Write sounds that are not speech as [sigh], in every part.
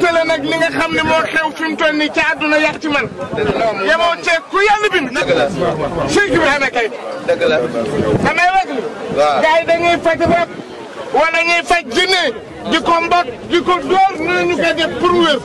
lëkkale nag li nga xam ne moo xew fi mu toll nii ci àdduna yàq ci man. yemoo ceeb ku yàlla bind. dëgg la Cheikh Ibrahima kay. dëgg la. damay wax ni. faj rab wala ñuy faj jinne di ko mbot di ko door nee ñu koy def pour wér.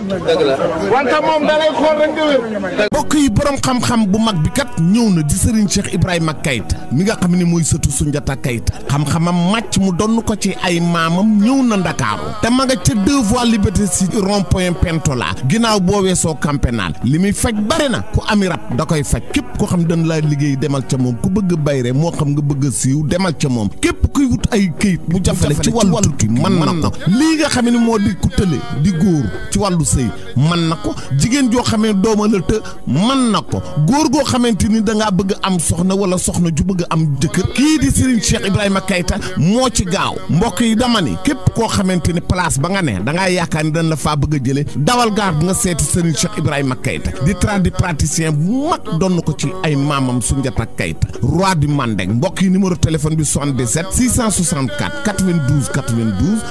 wante moom da lay xool wér. mbokk yi boroom xam-xam bu mag bi kat ñëw na di Serigne Cheikh Ibrahima Keita mi nga xam ni mooy sëtu Soundiata Keita xam-xamam màcc mu donn ko ci ay maamam ñëw na Ndakaaru te ma nga ca deux voies liberté si rond point Pentola ginnaaw boo weesoo camp naan li muy faj bare na ku ami da koy faj képp koo xam dañ laa liggéey demal ca moom ku bëgg bayre moo xam nga bëgg a siiw demal ca moom képp kuy wut ay këyit mu jafale ci wàllu tukki mën na ko lii nga xam ne moo di ku tële di góor ci wàllu sëy man na ko jigéen joo xamee dooma la të man na ko góor goo xamante ni da bëgg am soxna wala soxna ju bëgg am jëkkër kii di Serigne Cheikh Ibrahima Keita moo ci gaaw mbokk yi dama ni képp koo xamante ni place ba nga ne da yaakaar ni dañ la faa bëgg a jëlee dawal gaar nga seeti Serigne Cheikh Ibrahima Keita di di tradipraticien bu mag doon ko ci ay maamam Soundiata Keita roi du Mandeng mbokk yi numéro téléphone bi 77 664 92 92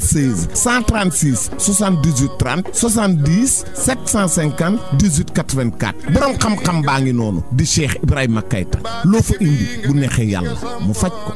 76 136 78 30 70 750 18 84 borom xam-xam baa ngi noonu di Cheikh Ibrahima Keita loo fa indi bu neexee yàlla mu faj ko.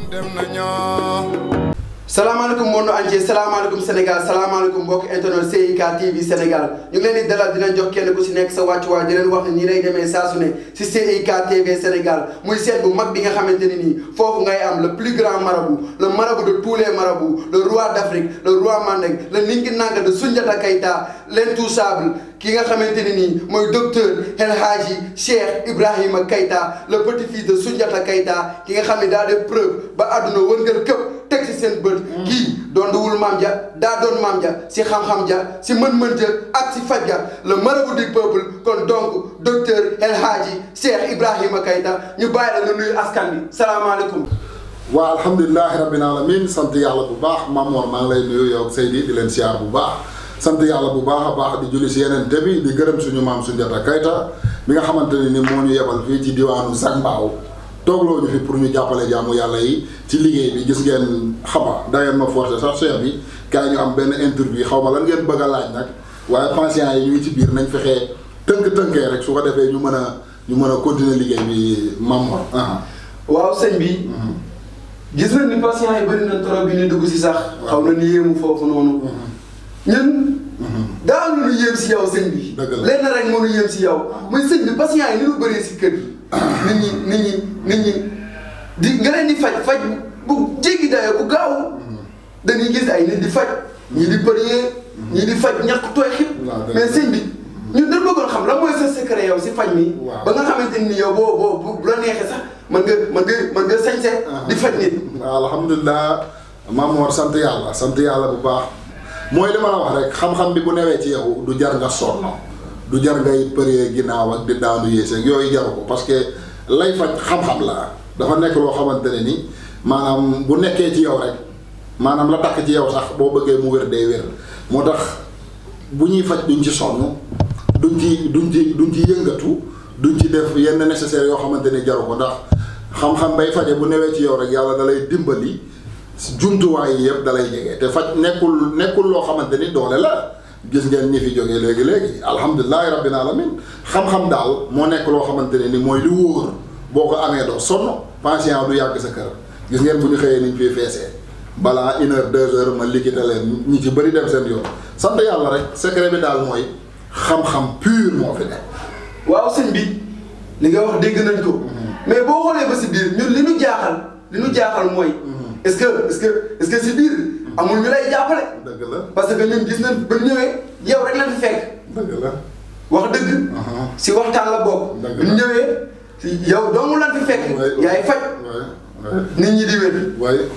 salaamaaleykum monde entier salaamaaleykum Sénégal salaamaaleykum mbokki internet CIK TV Sénégal ñu ngi leen di dalal dinañ jox kenn ku si nekk sa wàccuwaay di leen wax ne nii lay demee saa su ne si CIK TV Sénégal muy seet bu mag bi nga xamante ne nii foofu ngay am le plus grand marabout le marabout de tous les marabouts le roi d'Afrique le roi Mandeng le Ninki Nanka de Soundiata Keita l'intouchable ki nga xamante ne nii mooy docteur El Hadji Cheikh Ibrahima Keita le petit-fils de Soundiata Keita ki nga xam ne daa def preuve ba àdduna wërngal këpp teg ci beut bët. Mm. don donduwul mam ja da don mam ja si xam-xam ja si meun meun ja ak si faj le marabout du peuple kon donc docteur El Hadji Cheikh ibrahim Keita ñu bàyyi la nuyu askan bi alaykum wa alhamdullilah rabbil alamin sant yalla bu baax Mamour maa ngi lay nuyu yow Seydi di len siyaar bu baax sant yalla bu baax baax di julli ci yenen debi di gërëm suñu suñu jotta kayta mi nga xamanteni ni mo ñu yebal fi ci diwanu Zag Mbaaw toogloo ñu fi pour ñu jàppale jaamu yàlla yi ci liggéey bi gis ngeen xama da ngeen ma forcé sax chef bi kaay ñu am benn interview xaw ma lan ngeen bëgg a laaj nag waaye patients yi ñu ci biir nañ fexee tënk-tënkee rek su ko defee ñu mën a ñu mën a continuer liggéey bi Mamor. waaw sëñ bi. Mhm. gis nañ ni patients yi bëri na bi ñu dugg si sax. xaw na ni yéemu foofu noonu. Mhm. ñun. Mhm. ñu si yow sëñ bi. dëgg la lenn rek moo ñu yéem si yow. Ah. muy sëñ bi patients yi ni ñu bëree si kër ni nit ñi nit ñi nit ñi di nga leen di faj faj bu jéggi dayoo bu gaaw. Hmm. dañuy gis ay nit di faj. ñii di bëriyee. Hmm. ñii di faj ñàkk tooy xib. mais sëñ bi hmm. ñun dañ bëggoon xam lan mooy sa secret yow si faj mi. ba nga xamante ni yow boo boo bu la neexee sax mën nga mën nga ah. di faj nit. alhamdulilah Maam Mor sant yàlla sant yàlla bu baax. mooy li ma la wax rek xam-xam bi bu newee ci yow du jar nga sonn du jar ngay përee ginnaaw ak di daanu yéeseeg yooyu jaru ko parce que lay faj xam-xam la dafa nekk loo xamante ne ni maanaam bu nekkee ci yow rek maanaam la takk ci yow sax boo bëggee mu wér day wér moo tax bu ñuy faj duñ ci sonn duñ ci duñ ci duñ ci yëngatu duñ ci def yenn nécessaire yoo xamante ne jaru ko ndax xam-xam bay faje bu newee ci yow rek yàlla da lay dimbali. jumtuwaay yi yëpp dalay jege te faj nekkul nekkul loo xamante ni doole la gis ngeen ñi fi jógee léegi léegi alhamdulilahi rabbil alamin xam-xam daal moo nekk loo xamante ne ni mooy li wóor boo ko amee doo sonn patient du yàgg sa kër gis ngeen bu ñu xëyee niñ fiy feesee balaa une heure deux heures ma liquide leen ñu ci bëri dem seen yoon sant yàlla rek secret bi daal mooy xam-xam pur moo fi ne waaw sëñ bi li nga wax dégg nañ ko mm-hmm. mais boo xoolee ba si biir li ñu li ñu jaaxal mooy est-ce que si biir amul ñu lay jàppale. dëgg la parce que ñun gis nañ ba ñëwee yow rek lañ fi fekk. dëgg wax dëgg. Uh-huh. si waxtaan la bokk. dëgg la yow doomu lañ fi fekk. yaay faj. nit ñi di wér.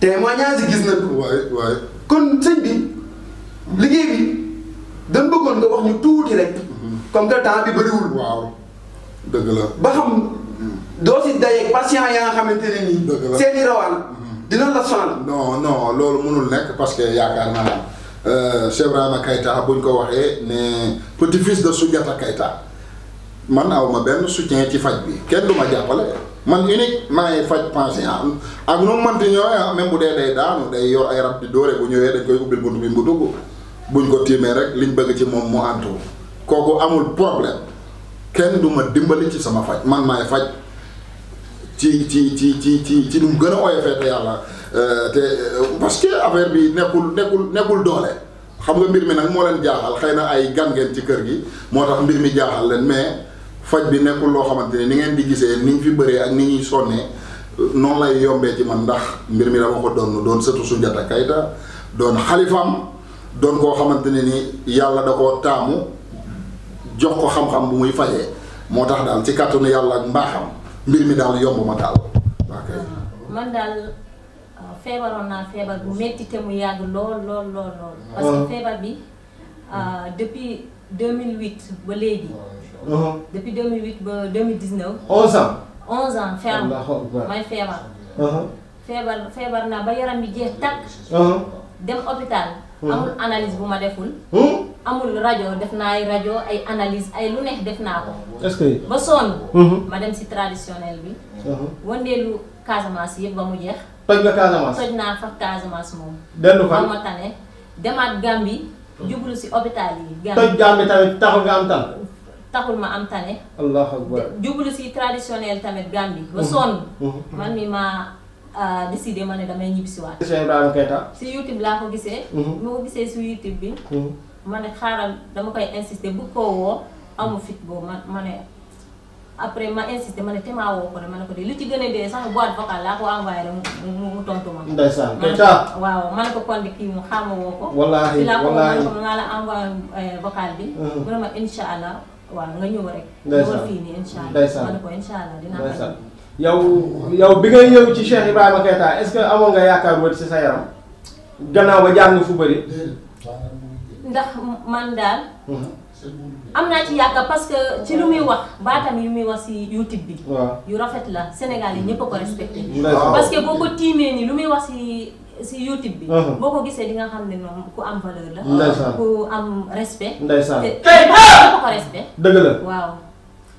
témoignage yi gis nañ ko. kon sëñ bi liggéey bi dañ bëggoon nga wax ñu tuuti rek. Uh-huh. comme que temps bi bëriwul. waaw ba xam mm. doo si dajeeg patient ya nga xamante ne nii. dëgg la seen i dina la sonal non non loolu mënul nekk parce que yaakaar naa euh, Cheikh Ibrahima Keita buñ ko waxee ne petit fils de Soundiata Keita man aw ma benn soutien ci faj bi kenn du ma jàppale man unique maay faj patient ak man mënti ñëwee ah, même bu dee day daanu day yor ay rab di dóore bu ñëwee dañ koy ubbil bunt bi mu dugg buñ ko tiimee rek liñ bëgg ci moom mu antu kooku amul problème kenn du ma dimbali ci sama faj man maay faj ci ci ci ci ci ci nu mu gën a oyofee euh, te yàlla euh, te parce que affaire bi nekkul nekkul nekkul doole xam nga mbir mi nag moo leen jaaxal xëy na ay gan ngeen ci kër gi moo tax mbir mi jaaxal leen mais faj bi nekkul loo xamante ne ni ngeen di gisee ni ñu fi bëree ak ni ñuy sonnee noonu lay yombee ci man ndax mbir mi dama ko doon doon sëtu Sunjata Kayta doon xalifaam doon koo xamante ne ni yàlla da koo taamu jox ko xam-xam bu muy fajee moo tax daal ci kàttanu yàlla ak mbir mi daal yomb ma daal. ok daal euh, feebaroon naa feebar bu métti te mu yàgg lool lool lool lool. parce feebar bi euh, depuis 2008 ba léegi. Uh-huh. depuis 2008 ba 2019. 11 ans. 11 ans ferme may feebar. Uh-huh. feebar feebar naa ba yaram bi jeex tàkk. Uh-huh. dem hôpital. Hmm. amul analyse bu ma deful. Hmm? amul rajo def naa ay rajo ay analyse ay lu neex def naa ko. est-ce que ba mhm. ma dem si traditionnel bi. Uh-huh. wëndeelu Casamance yëpp ba mu jeex. toj naa fa Casamance moom. dellu fan ba si hôpital yi. toj Gambie tamit taxul ma am tane. allahu akbar jublu si traditionnel tamit Gambie. ba mhm. sonn. Mhm. man mi ma euh, décidé ma ne damay ñibbisiwaat. si YouTube laa ko gisee. ma gisee si YouTube bi. ma ne xaaral dama koy insister bu ko woo amu fit boobu ma ma ne après ma insister ma ne te maa woo ko de ma ne ko de li ci gën a dee sax boîte vocale laa ko envoyé mu mu tontu ma. ndeysaan waaw ma ko kon de kii mu xaama woo ko. wallaahi wallaahi ko euh, mm. ma la allah waaw nga ñëw rek. ndeysaan fii nii incha allah ma ne ko incha allah dinaa ko yow yow bi ngay ñëw ci Cheikh Ibrahima Keita est-ce que amoon nga yaakaar wër ci sa yaram gannaaw ba jàng fu bëri. ndax man daal. Mm-hmm. am naa ci yaakaar parce que ci lu muy wax baatam yu muy wax si YouTube bi. yu rafet la Sénégal yi ñëpp a ko respecté. parce que boo ko tiimee nii lu muy wax si si YouTube bi. Mm-hmm. boo ko gisee di nga xam ne moom ku am valeur la. ku a respect. ndeysaan te ñëpp ko respect. dëgg la waaw.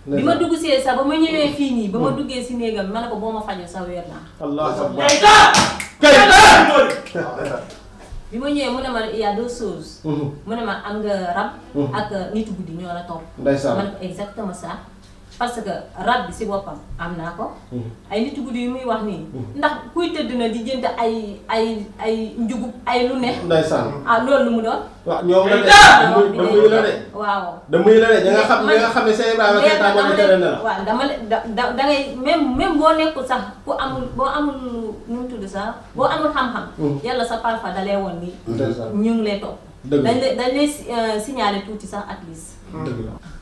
bi ma dugg see sax ba ma ñëwee mm-hmm. fii ba ma duggee si néegam ma ne ko boo ma fajoo sa weer naa. allah [laughs] bi ma ñëwee mu ne ma il y a deux choses. Mhm. ne ma am nga rab. Mhm. ak nitu di ñoo la topp. ndeysaan man exactement ça. parce que rab bi si boppam am naa ko. Mm-hmm. ay nit guddi yu muy wax nii. Mm-hmm. ndax kuy tëdd na di jënd ay ay ay njugub ay lu ne. ndeysaan ah loolu lu mu doon. waaw ñoom la de damuy la xam ne Cheikh dama da da dangay même même boo nekkul sax ku amul boo amul nu mu tudd sax boo amul xam-xam. Mm-hmm. yàlla sa parfa dalee woon nii. ñu ngi lay topp. dañ lay dañ lay euh, signaler tuuti sax at least.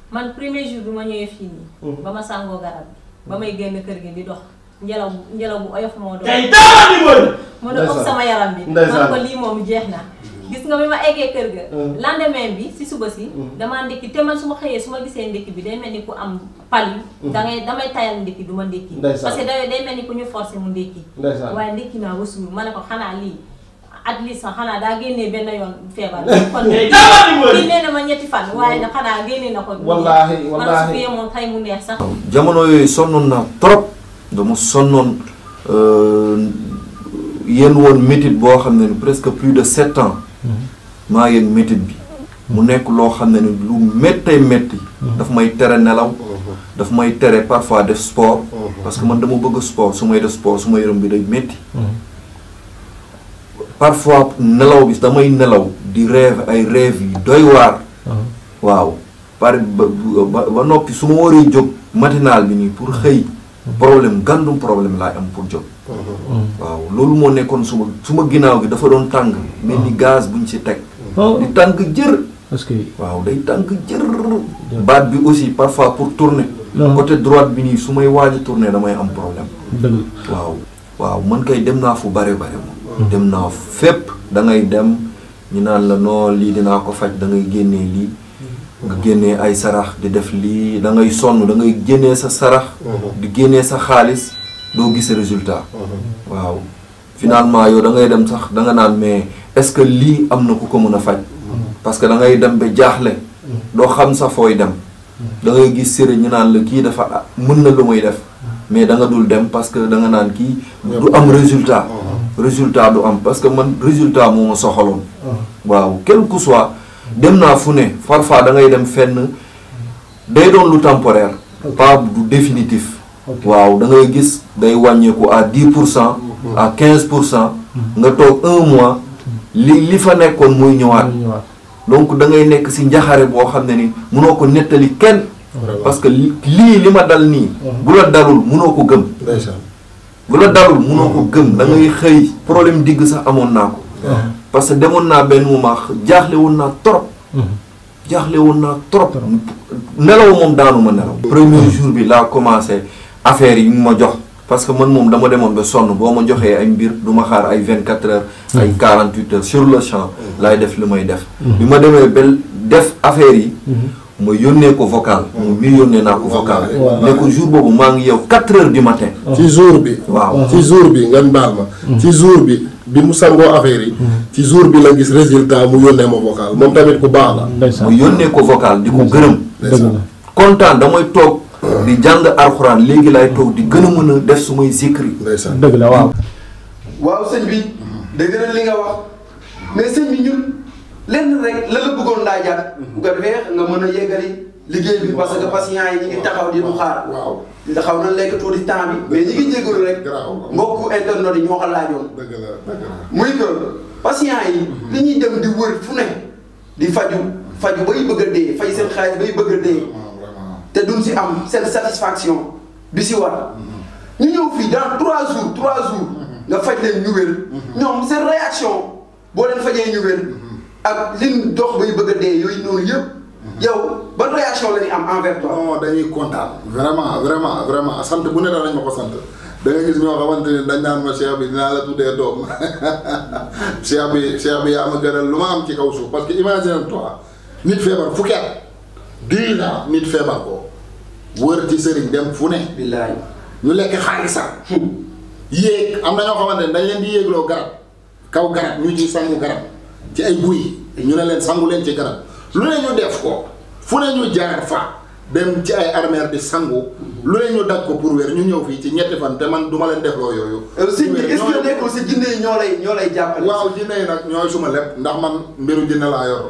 man premier jour bi ma ñëwee fii nii. ba ma sàngoo garab ba may génn kër gi di dox njëlaw njëlaw bu oyof moo doon. tey daaw bi yaram bi. man ko lii moom jeex na. gis nga bi ma eggee kër ga. lendemain bi si suba si. damaa ndékki te man su ma xëyee su ma gisee ndékki bi day mel ni ku am pali. da damay tayal ndékki du ma ndékki. parce que day day mel ni ku ñu forcé mu ndékki. waaye ndékki naa ba suur ma ne ko xanaa lii. at least sax xanaa daa génnee benn yoon feebar. [laughs] kon kii nee na ñetti fan waaye xanaa génne na ko. wallaahi wallaahi su yemoon xëy mu neex sax. jamono yooyu sonnoon naa trop dama sonnoon euh, yéen woon métit boo xam ne presque plus de sept ans mm-hmm. maa yéen métit bi. mu nekk loo xam ne ni lu méttee métti. Mm-hmm. daf may tere nelaw. Mm-hmm. daf may tere parfois def sport. parce que man dama bëgg sport su may def sport su ma yaram bi day métti. parfois nelaw bis damay nelaw di rêve ay rêve yi doy war waaw par ba noppi suma wori jog matinal bi ni pour xey problème gandum problème la am pour jog waaw loolu mo nekkon suma suma ginaaw gi dafa don tang mel ni gaz buñ ci tek oh. di parce que waaw day tang jeur baat bi aussi parfois pour tourner côté droite bi ni sumay waji tourner damay am problème waaw waaw man kay dem na fu bare bare mo dem naa fépp da ngay dem ñu naan la noo lii dinaa ko faj da ngay génnee lii nga génnee ay sarax di def lii da ngay sonn da ngay génnee sa sarax mhm. di génnee sa xaalis doo gis résultat mhm. waaw finalement yow da ngay dem sax da nga naan mais est-ce que lii am na ku ko mën a faj mhm. parce que da ngay dem ba jaaxle doo xam sa fooy dem da gis sëriñ ñu naan la kii dafa mën na lu muy def mais da dul dem parce que da nga naan kii du am résultat résultat du am parce que man résultat moo ma ah. waaw quel que soit dem na fune farfa da ngay dem fenn day don lu temporaire pas du définitif waaw da ngay gis day ko à 10% a mhm. à 15% mhm. nga tok un mois mhm. li li fa nekkon moy ñëwaat donc da ngay nekk ci njaxare bo xamné ni mëno ko netali kenn parce que li lima dal ni bu la dalul mëno ko gëm bu la dalul munoo ko gëm da xëy problème digg sax amoon naa ko ah. parce que demoon naa benn moment jaaxle woon naa trop mhm. jaaxle woon naa trop nelaw moom daanu ma nelaw mhm. premier jour bi laa commencé affaire yi ñu ma jox parce que man moom dama demoon ba sonn boo ma joxee ay mbir du ma xaar ay vingt quatre heures mhm. ay quarante huit heures sur le champ laay def lu may def bi ma demee ba def affaire yi mooy yónnee ko vocal. moom mii yónnee naa ko vocal. Mm. ne ko jour boobu maa ngi yow quatre heures du matin. Mm. ci jour bi. waaw mm. ci jour bi ngeen baal ma. ci jour bi bi mu sangoo affaire yi. ci jour bi la gis résultat mu yónnee ma vocal moom tamit ku baax la. mu yónnee ko vocal di ko gërëm. kontaan damay toog. di jàng alxuraan léegi lay toog di gën a mën a def su may zikri. dëgg la waaw. waaw sëñ bi dëgg na li nga wax mais sëñ bi ñun. lenn rek la la bëggoon le mhm. nga mën a yeggali liggéey bi parce que patient yi taxaw di temps bi. mais ñi ngi rek. internet yi ñoo muy yi. Mhm. dem di wër fu di faju faju bay a fay seen bay a duñ satisfaction bi mhm. dans trois jours jours. nga ñu réaction ñu ak liñ dox bay bëgg a dee yooyu noonu yëpp. Mhm. yow ban réaction la ñuy am envers toi. non dañuy kontaan vraiment vraiment vraiment sant bu ne nañ ma sant da nga gis ñoo xamante ne dañ naan ma cheikh bi dinaa la tuddee doom [laughs] cheikh bi cheikh bi a ma gënal lu ma am ci kaw suuf parce que imagine toi nit feebar fukki at dix nit feebar ko wër ci sëriñ dem fu ne. billaay ñu lekk xaalisam. Hmm. yéeg am na ñoo xamante ne leen di yéegloo garab kaw garab ñu ci sangu garab. ci ay guy ñu ne leen sangu leen ci garab lu ne ñu def ko fu ne ñu jaar fa dem ci ay armeer di sangu lu ne ñu daj ko pour wér ñu ñëw fii ci ñetti fan te man duma leen def yooyu. Euh, sëñ bi est-ce que si jinne yi ñoo lay ñoo lay jàppale. waaw jinne yi nag ñooy suma lépp ndax man mbiru jinne laa yor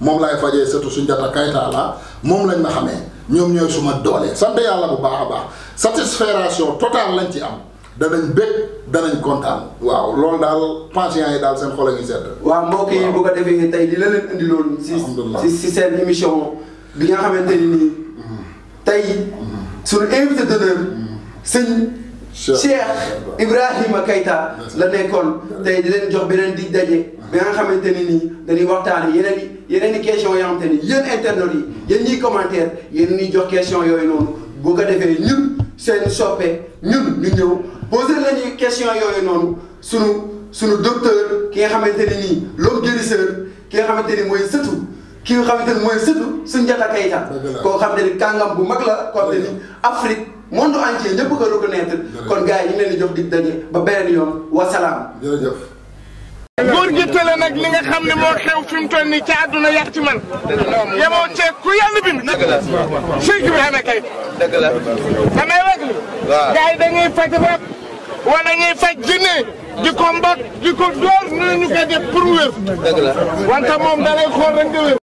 moom laay fajee surtout Soundiata Keita la moom lañ ma xamee ñoom ñooy suma doole sant yàlla bu baax a baax satisfaction totale lañ ci am. danañ bëgg danañ kontaan. waaw loolu daal patients yi daal seen xol a ngi sedd. waaw mbokk yi bu ko defee tey di la leen indi loolu. si si seen émission bi nga xamante ni nii. Mm-hmm. tey mm-hmm. suñu invité d'honneur mm-hmm. sëñ Cheikh Ibrahima Keita la nekkoon tey di leen jox beneen di daje. bi nga xamante ni nii dañuy waxtaan yeneen yeneen i questions yoo xamante ni yéen internautes yi yéen ñiy commentaire yéen ñuy jox question yooyu noonu bu ko defee ñun. Nous nous, nous, nous, nous, nous, lañuy question nous, nous nous nous docteur ki nous nous, ni nous, nous guérisseur nous, nga qui nous, nous, nous, nous, nga nous, Nous nous, nous, nous, nous, nous, nous, nous, nous, bu nous, nous, nous, nous, ni Afrique monde entier nous, reconnaître nous, nous, nous, nous, nous, góor gi tële nag li nga xam ne moo xew fi mu ci àdduna yàq ci man. yemoo ceeb ku yàlla bind. dëgg la Cheikh Ibrahima Kay. dëgg la. damay wax ni. faj rab wala ñuy faj jinne di ko mbot di ko door ñu ñu ko def pour wér. dëgg la wante moom da nga wér.